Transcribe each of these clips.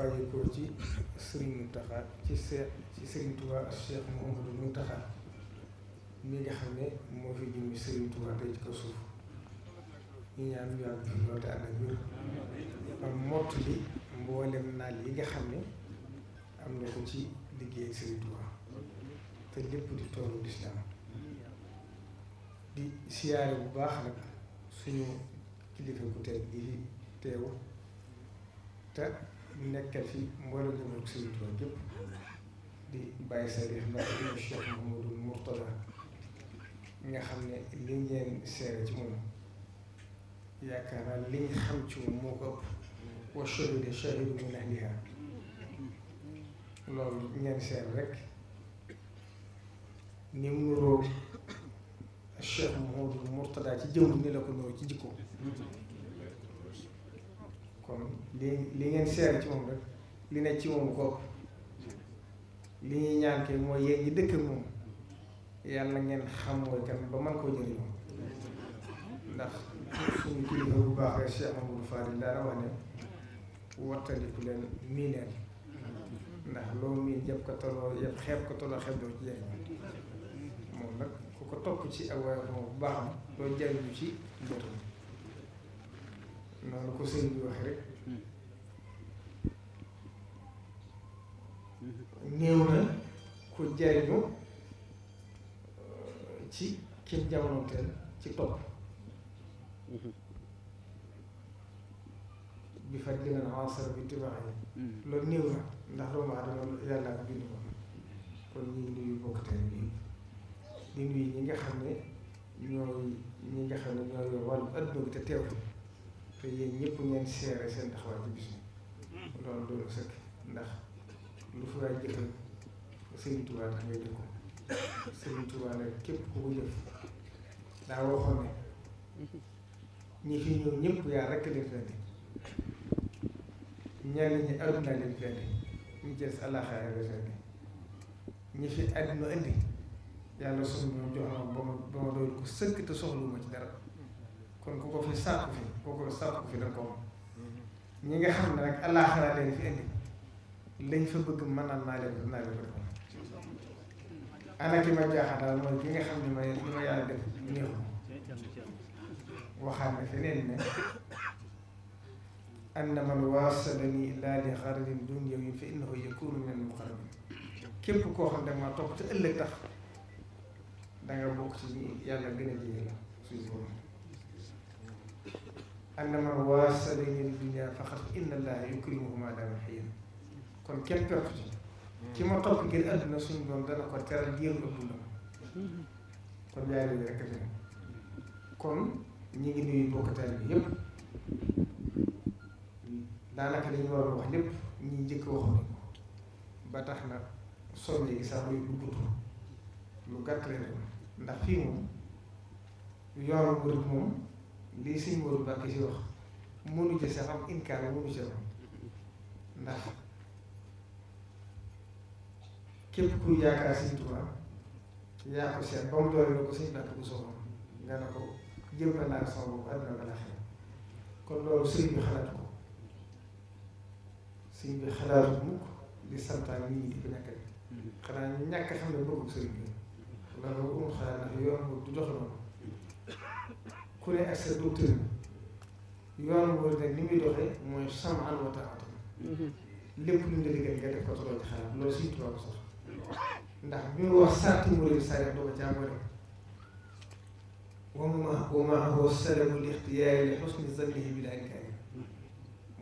bàyyi ko ci Serigne Mountakha ci ci Serigne Touba Cheikh Mouhamadou Mountakha mi nga xamné mo fi jëm Serigne Touba tey ci kaw suuf ñu ñaan ñu am fi loolu te ànd ak ñun am mott li mboolem naal yi nga xamné am na ko ci liggéey Serigne Touba te lepp di toolu lislaam di siyaré bu baax nak suñu kilifa ku tey gi teew te ñu nekkal fi mboolem jëmale ko Sëriñ Tuubaa gépp di bàyyi sa di xam ne ak Cheikh Mouhamadou Mourtada nga xam ne li ngeen seere ci moom yaakaar naa li nga xam ci moom moo ko ëpp wa shahida shahidun min ahliha loolu ngeen seer rek ni mu nuroo Cheikh Mouhamadou Mourtada ci jëmm ni la ko nuroo ci jikko kon li li ngeen seer ci moom rek li ne ci moom ko li ñuy ñaan kay mooy yéen ñi dëkk moom yàlla ngeen xam mooy kan ba man koo jëriñoo ndax suñu kilifa bu baax rek Cheikh Amadou ci moom nag ku ko topp ci ak waaye bu baaxam doo jëriñu ci jotum noonu ko sëñ bi waxee rek na ku jariñu euh, ci kim jamonoonteel ci topp bi faj li nga bi tibaax yi loolu néew na ndax doomu aadama yàlla ko bind kon ñu ngi nuyu bokk tey bii di nuyu ñi nga xam ne ñooy ñi nga ne ñooy bi te teew te yéen ñëpp ngeen seere seen taxawaay ci bis bi loolu doon sëkk ndax lu fi waay jëfal Sëriñ Tuubaa tax ngay jëf ko Sëriñ Tuubaa nag ku ko jëf daa waxoon ne ñi fi ñëw ñëpp yaa rekk leen fendi ñenn ñi àdduna leen fendi ñu jël àllaaxira leen fendi ñi fi àdduna indi yàlla suñu moom jox na ba ma ba ma doon ko sëkk te soxlu ci dara kon ku ko fi sàkku fi ku ko sàkku fi da ko ñi nga xam ne nag alaaxira leen fi indi lañ fa bëgg mënal naa leen naa leen ko ana ki ma jaaxal daal mooy ki nga xam ne mooy li ma yàlla def néew waxaat na feneen ne anna man waasalani laa li xararin dunyawi fa innahu yakunu min al muqarrabin képp koo xam ne maa topp te ëllëg tax da nga bokk ci ñi yàlla gën a jege la suñu borom أن مواس بين الدنيا فقط إن الله يكرمه ما دام حيا كون كم بيرفج كما قال في قد أدنى سنة دون كون ديال مبولا كون جاي لي ركزين كون نيجي نيجي بوك تالي يب دانا كده نور روح يب نيجي كوه باتحنا سوني يسابي بوكو لو كاتلين دافيو يوم بوكو lii sëñ Modou Mbacké si wax mënu ci sax am inkaar la mënu ndax képp yaakaar sëñ Tuubaa yaa seet ba mu doole na ko sëñ Mbacké bu soxla nga ne ko jëm na naa sama bopp àdduna ba la xel kon loolu sëñ bi xalaat ko sëñ bi xalaatu mukk di santaan nit ñi di ko ñàkk rek mm-hmm. xanaa ñàkk xam ne bëggu sëñ bi loolu amul xalaat ndax yoon bu du dox noonu ku ne ak sa docteur yoon boobu nag ni muy doxee mooy samaan wa taatan lépp lu ñu la digal nga def ko tolloo ci xalaat loolu siy tubaab sax ndax bi mu wax sarti murid sare doo ko caa boole wa ma wa ma huwa salamu li ixtiyaari li xusni zannihi bi daal kaay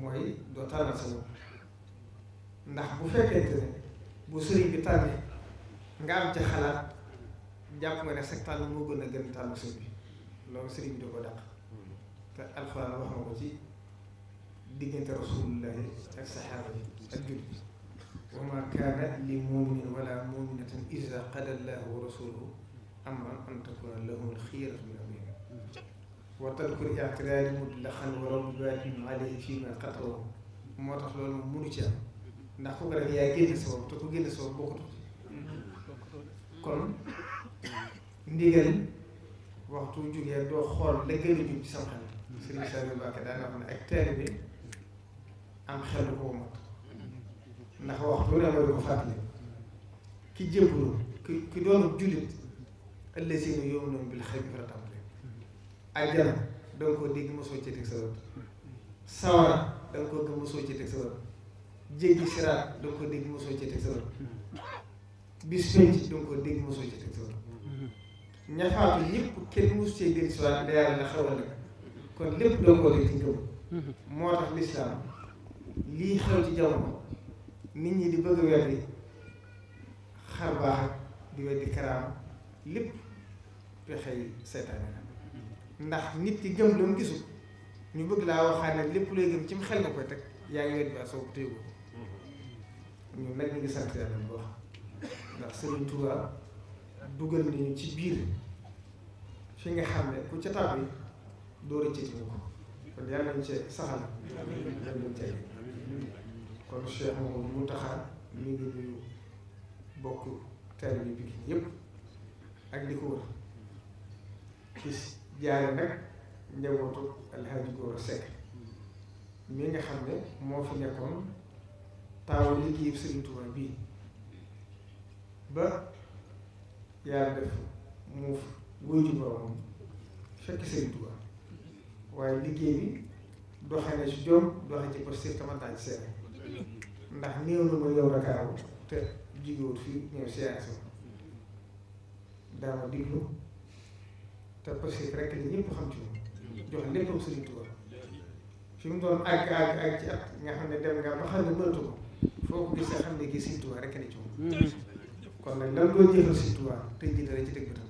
mooy doo tànnal sa bopp ndax bu fekkente ne bu sëriñ bi tànnee nga am ci xalaat jàpp nga ne sag tànn moo gën a gën tànn sëriñ bi loolu sëriñ bi da ko dàq te alxuraan wax na ko ci diggante rasulullahi ak saxaaba yi ak jul bi wa ma kaana li muminin wala muminatin ida qada allahu wa rasuluhu amran an takuna lahum alxiyaratu min amrihim wa talkul ictiraari mutlaqan wa rabbatin alayhi fi ma qatawu moo tax loolu moom munu ci am ndax ku ko def yaa génn sa bopp te ku génn sa bopp bokkut kon ndigal waxtu jógee doo xool la gën a jub ci sama xel Serigne Saliou Mbacké daan wax ne ak teel bi am xel bu mat ndax waxtu ne ma ko fàttali ki jébbalu ki ki doon jullit ëllëg si noonu bi la xëy bi fa la tàmbalee àjjana da nga dégg mosoo ci teg sa wër sawara da nga ko gëm mosoo ci teg sa wër jéggi siraat da nga dégg mosoo ci sa wër bis penc da nga ko dégg mosoo ci sa wër ña faatu ñëpp kenn mu see gën si waat yàlla na xewal na kon lépp doo ko dégg ci ngëm moo tax lislaam lii xew ci jamono nit ñi di bëgg weddi xar baax ak di weddi karaam lépp pexe yi seetaan nit ki gëm la mu gisul ñu bëgg laa waxaat ne lépp looy gëm ci mu xel nga koy teg yaa ngi weddi ak soo ko téye ko mm-hmm. ñun nag ñu ngi sant yàlla bu baax ndax Sëriñ Tuubaa dugal nañu ci biir fi nga xam ne ku ca taal bi doo rëccati ko kon yàlla nañ cee saxal yàlla nañ cee kon Cheikh mi ngi nuyu bokk taal bi bi yëpp ak di ko wër ci jaare nag njabootu Alhaji Gora Seck mi nga xam ne moo fi nekkoon taawu liggéeyu Serigne Touba bii ba yàlla def mu wóor ci boromam fekk sëriñ Tuubaa waaye liggéey bi doxee na ci jom doxee ci posté tamantaan ci seen ndax néew na ma yow Ndakaaru te jigéewut fii ñëw séance ma daama diglu te posté rek li ñëpp xam ci moom jox léppam sëriñ Tuubaa fi mu doon àgg àgg àgg ci at xam ne dem nga ba xam ne mënatu ko foo ko gisee xam ne gis sëriñ Tuubaa rek ne ci moom kon nag lan doon si Tuubaa tey ji dara ci dëgg tam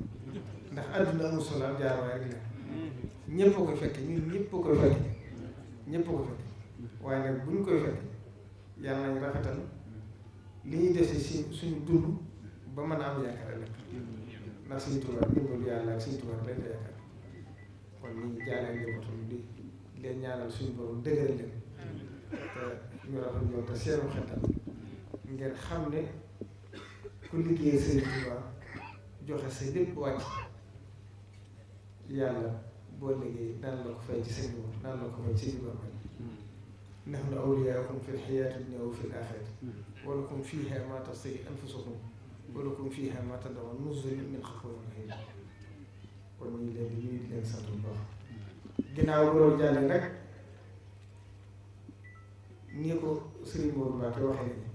ndax àdduna amul solo am rek la ñëpp a koy fekk ñun ñëpp koy fekk ñëpp a koy waaye nag bu ñu koy li ñuy def si suñu dund ba mën a am yaakaar rek ndax suñu Tuubaa dimbalu yàlla ak suñu Tuubaa rek ñu ngi jaaleen njabootam di leen ñaanal suñu borom dëgëral leen te rafet ñoom te seenu xetal ngeen xam ne ku liggéey sëriñ Tuubaa joxe sa lépp wàcc yàlla boo liggéey daan la ko fay ci sëriñ Tuubaa daan la ko fay ci sëriñ Tuubaa nahnu awliyaakum fi l-hayaati dunya wa fi l-aaxirati wa lakum fiihaa maa tashtahi anfusukum wa lakum fiihaa maa tad'uun nuzulan min ghafuurin rahiim kon ñu ngi leen di nuyu di leen sant bu baax ginnaaw loolu jàll nag ni ko sëriñ Mor Mbacke waxee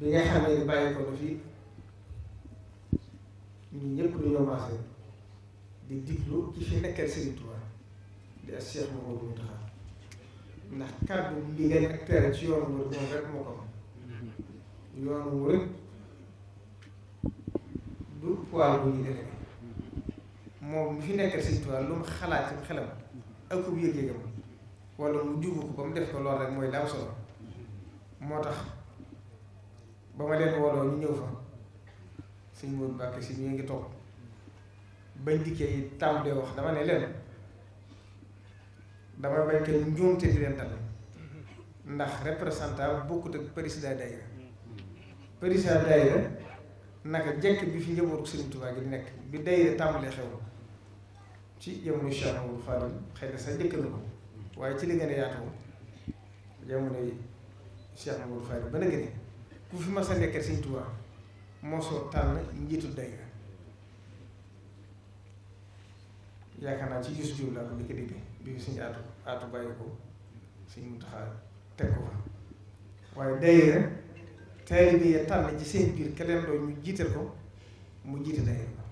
bi nga xamee ne bàyyi ko na fi ñun ñëpp dañoo maase di diglu ci fi nekkal Serigne Touba di ak Cheikh Mouhamadou Mountakha ndax kàddu li ngeen ak tere ci yoonu murid moom rek moo ko am yoonu murid du poil bu ñuy defee moom mu fi nekkal Serigne Touba lu mu xalaat ci xelam ak ku yëg-yëgam wala mu jugu ko ba mu def ko lool rek mooy daaw solo moo tax. ba ma leen wooloo ñu ñëw fa suñ Moodu Mbàkke si ñu ngi toog bañ dikkee yi tàmbalee wax dama ne leen dama bañ ko njuumte di leen dal ndax représentant bokkut ak président daayira président daayira naka jekk bi fi njabootu Sëriñ Tuubaa gi di nekk bi daayira tàmbalee xew ci jamono Cheikh Mamadou Fadil xëy na sax jëkk na ko waaye ci li gën a yaatoo jamono Cheikh Mamadou Fadil ba na gën ku fi mas a nekkal Sëñ Tuubaa moo soo tànn njiitu dayra yaakaar naa ci Youssou Diouf laa ko njëkk a dégg bi fi Sëñ Aatu Aatu bàyyi ko Sëñ Muntaxa teg ko fa waaye dayra taalibe yi tànn seen biir keneen doo ñu jiital ko mu jiite dayra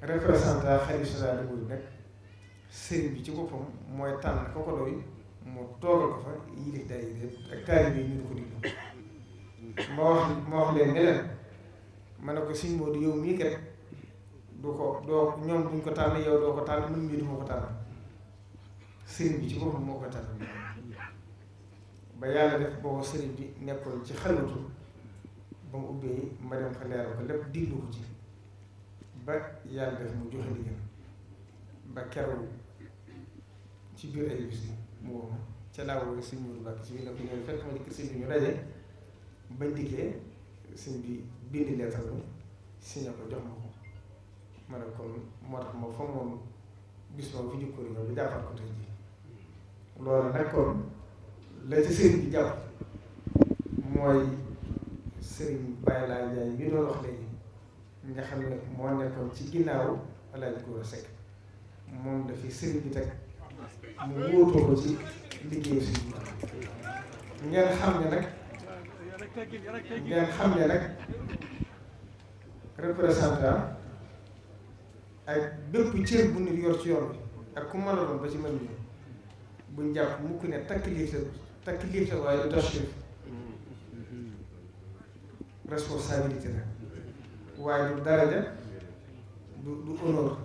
représentant xarit général de Mouride nag sëriñ bi ci boppam mooy tànn ko ko doy mu toogal ko fa yilif daayira ak taalibe yi ñu ko diglu ma wax ma wax leen ne leen ma ko sëñ Moodu yow mii kat du ko doo ñoom duñ ko tànn yow doo ko tànn man mii du ma ko tànn sëriñ bi ci boppam moo ko tànn ma dem fa leeral ko lépp diglu ko ci ba yàlla def mu joxe ba keroog ci biir ay bis mu ca laa woo sëñ Moodu Mbàkke ci biir ne ko ñëw fekk ma di kër sëñ bañ dikkee bi bind leetar bi signé ko jox ma ko ma ne kon moo tax ma fa moom bis moom fi jukkoor ñëw bi jàppal ko tey jii loolu nag kon la ci sëriñ bi jàpp mooy sëriñ Baye Laye Ndiaye bi doon wax léegi nga xam ne moo nekkoon ci ginnaaw alaaj Góor Seck moom dafay sëriñ bi teg mu wóotoo ko ci liggéeyu sëriñ bi ngeen xam ne nag ngeen xam ne nag représentant ak bépp cër bu nit yor ci yoon bi ak ku mën a doon ba ci mën bi buñ jàpp mukk ne takk liif takk liif waaye du tashrif responsabilité la waaye du daraja du du honneur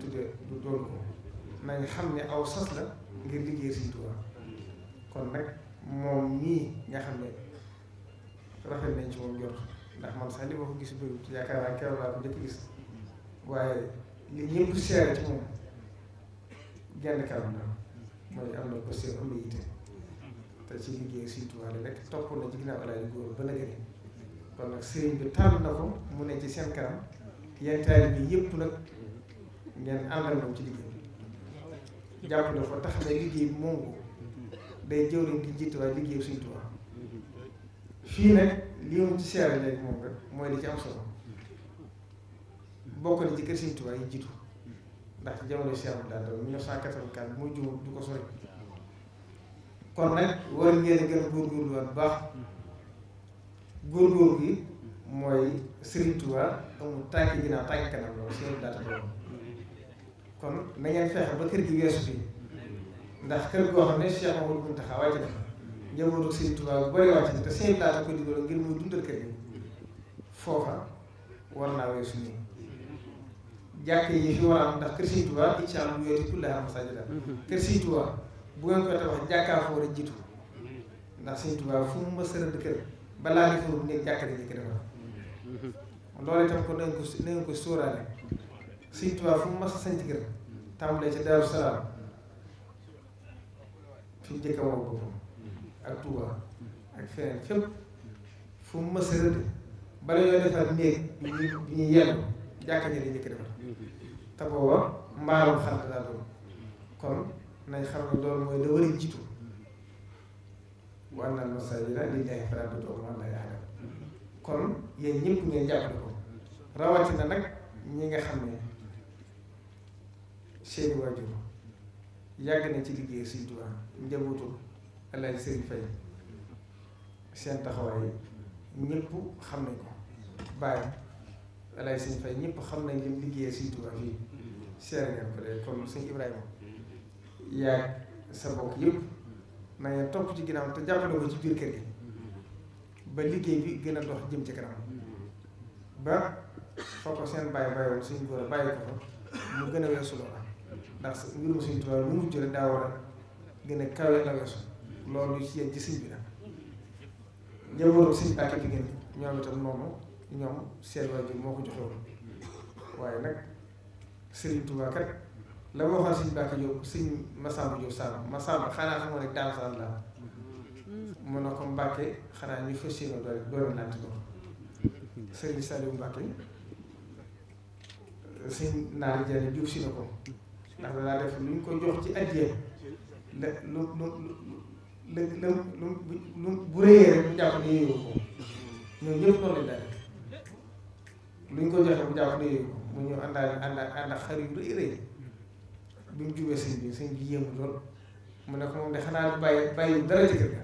tuddee du doon ko nañ xam ne aw sas la ngir liggéey Sëriñ Tuubaa kon nag moom nii nga xam ne rafet nañ ci moom jot ndax man sax li ma ko gis bëriwul yaakaar naa keroog laa ko njëkk gis waaye li ñëpp seere ci moom genn kanam la mooy am na ko seen am na yitte te ci liggéey Sëriñ Tuubaa la rek topp na ci ginnaaw alaaji góor ba nagari kon nag sëriñ bi tànn na ko mu ne ci seen kanam yenn taali bi nag ngeen àndal moom ci liggéey jàpp na ko tax na liggéey bi moom ko day jëw lañ di jiite waaye liggéey Sëriñ fii nag li mu ci seeral léegi moom rek mooy li ci am bokk na ci kër Sëriñ Tuubaa yi jiitu ndax ci jamono Cheikh Abdou Lahad kon nag war ngeen a gën a góorgóorlu woon baax góorgóor gi mooy Sëriñ Tuubaa amul tànk ginnaaw tànk kanam loolu kon na ngeen fexe ba kër gi weesu fii ndax kër ne Cheikh Amadou Mountakha wàcc jamono Sëriñ Tuubaa bu bari wàcc na te Sëriñ Tuubaa ko digaloon ngir muy dundal kër gi foofa war naa weesu nii jàkk yi fi war a am ndax kër Sëriñ Tuubaa incha allah mu yooti kullaha masaajida kër Sëriñ Tuubaa bu ngeen koy tabax jàkkaa fa war a jiitu ndax Sëriñ Tuubaa fu mu mës a rëdd kër balaa nga foofu nekk jàkk dañuy kër fa loolu itam ko nañ ko na ngeen ko sóoraale Sëriñ Tuubaa fu mu mës a sanc kër tàmbalee ci Daaru Salaam fi mu jëkk a woo boppam ak Touba ak feneen fépp fu mu mës a rëdd bala ñoo defal néeg bi ñuy bi ñuy yellu jàkka ji dañuy defal te booba mbaarum xar la doon kon nañ xam ne loolu mooy la war a jiitu wa anna al-masaajida lillaahi falaa tad'uu ma'a llaahi ngeen jàppale ko rawatina nag ñi nga xam ne seeni waajur yàgg nañ ci liggéey Sëñ Tuubaa njabootu. El Hadj Serigne Faye seen taxawaay ñëpp xam nañ ko bàyyam El Hadj Serigne Faye ñëpp xam nañ lim liggéeyee Serigne Touba fii seere ngeen ko de kon sëñ Ibrahima yaag sa bokk yëpp na topp ci ginnaaw te jàppale ko ci biir kër gi ba liggéey bi gën a dox jëm ci kanam ba foo ko seen baay bàyyiwoon suñ góor a bàyyi ko fa mu gën a weesu loola ndax mbirum Serigne Touba lu mujj rek daa war a gën a kawe la weesu loolu ci yéen ci sëñ bi la njabootu sëñ Mbàkke Jigéen ñoom itam noonu ñoom seen moo ko joxe waaye nag la ma waxoon sëñ Mbàkke sëñ Masamba Sall xanaa la na ko Mbàkke xanaa ñu doole doole naa ci de sëriñ Saliou Mbàkke sëñ Naar si na ko ndax la def ñu ko jox ci la la la lu bu réyee rek mu jàpp ne yéeyu ko ñoom ñëpp noonu lañ daal luñ ko joxe mu jàpp ne yéeyu ko mu ñu àndaale ànda ànda xar rëy rëy bi mu jubee sëñ bi sëñ bi yéemu lool mu ne ko moom de xanaa bàyyi bàyyi dara ci kër ga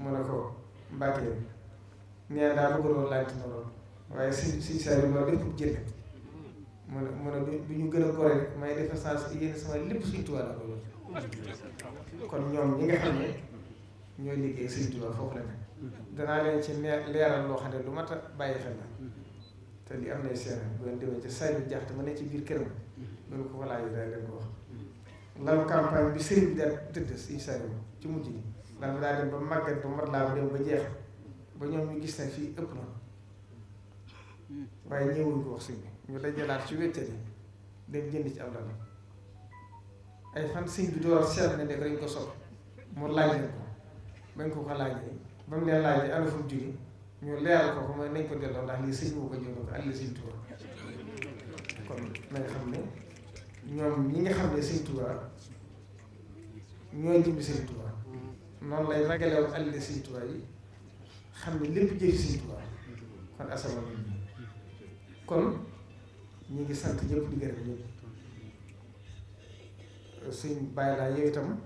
mu ne ko mbàkkee nee daa bëgg loolu laajte na lool waaye si si saa yu loolu lépp jënd mu ne mu ne bu ñu gën a gore rek may defe sens bi yéen sama lépp Sëriñ Tuubaa la ko kon ñoom ñi nga xam ne ñooy liggéey Sëriñ Tuubaa foofu la ne danaa leen ci leeral loo xam ne lu ma a bàyyi xel la te li am nay seere bu ngeen dem ci saa yu jaaxte ma ne ci biir këram loolu ko fa laaj daal leen ko wax lan campagne bi sëriñ bi daal tëdd si saa yu ci mujj yi lan daa dem ba màggat ba mat laa dem ba jeex ba ñoom ñu gis ne fii ëpp na waaye ñëwuñ ko wax ñu dajalaat ci wéttali dem jënd ci am lal ay fan sëñ bi door seet ne ne dañ ko sol mu laaj leen ko bañ ko ko laajee ba mu leen laajee ana fu mu jóge ñu leeral ko ko mooy nañ ko delloo ndax lii sëñ boo ko jënd ko àll sëñ Tuubaa kon na nga ñi nga xam ne sëñ Tuubaa ñoo jëmbi sëñ Tuubaa noonu lay ragale woon àll sëñ Tuubaa yi xam ne lépp jëfi sëñ Tuubaa kon asama kon ñu ngi sant ñëpp di gërëm ñëpp suñ bàyyi laa yow itam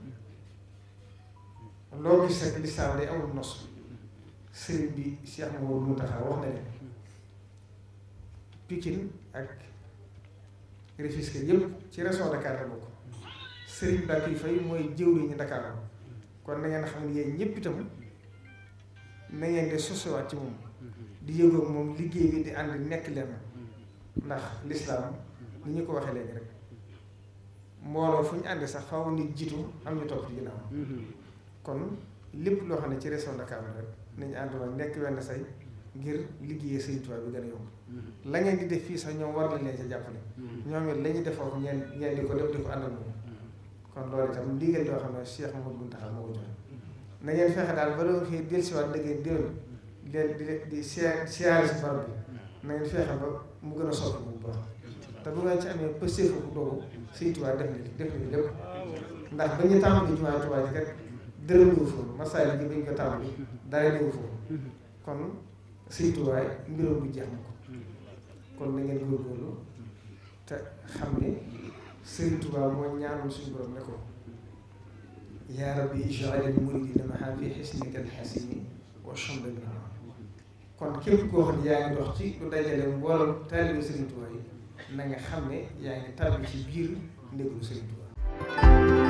loo gis rek lislaam day amul nos sëriñ bi Cheikh Mawal Mountakha wax na ne Pikine ak Rufisque yëpp ci région Dakar la bokk sëriñ Bakary Faye mooy jëwriñu Dakar kon na ngeen xam ne yéen ñëpp itam na ngeen di sosewaat ci moom di yëgoo moom liggéey bi di ànd nekk leen. ndax lislaam ni ñu ko waxee léegi rek mbooloo fu ñu ànd sax faaw nit jiitu am ñu topp ci ginnaaw kon lépp loo xam ne ci région de Dakar rek nañu àndandoo nekk wenn say ngir liggéeyee Sëriñ Tuubaa bi gën a la ngeen di def fii sax ñoom war nañ leen ca jàppale. ñoom it la ñuy defoo ñeen ñeen di ko def di ko àndal moom. kon loolu itam ndigal loo xam ne Cheikh Mouhamadou Mountakha moo ko joxe. na ngeen fexe daal ba doon xëy dellusiwaat da ngeen di leen di di siyaare si barab mu gën a soxla bu baax te bu ci amee pëstéefu bu doogu Sëriñ Tuubaa def nañu def nañu lépp ndax ba ñu tàmbali jumaa Tuubaa ji kat dërëm ñëw foofu masaay bi ñu ko tàmbali dara ñëw foofu kon Sëriñ Tuubaa mbiram bu jeex na ko kon na ngeen góorgóorlu te xam ne Sëriñ Tuubaa moo ñaanoon suñu borom ne ko yaa rabbi ij'alnii muriidan maa fi husnika al-hasini wa chamdalnaa kon képp ko xam ne yaa ngi dox ci lu dajale mboolem taalibu Serigne Touba yi na nga xam ne yaa ngi bi ci biir ndéglu Serigne Touba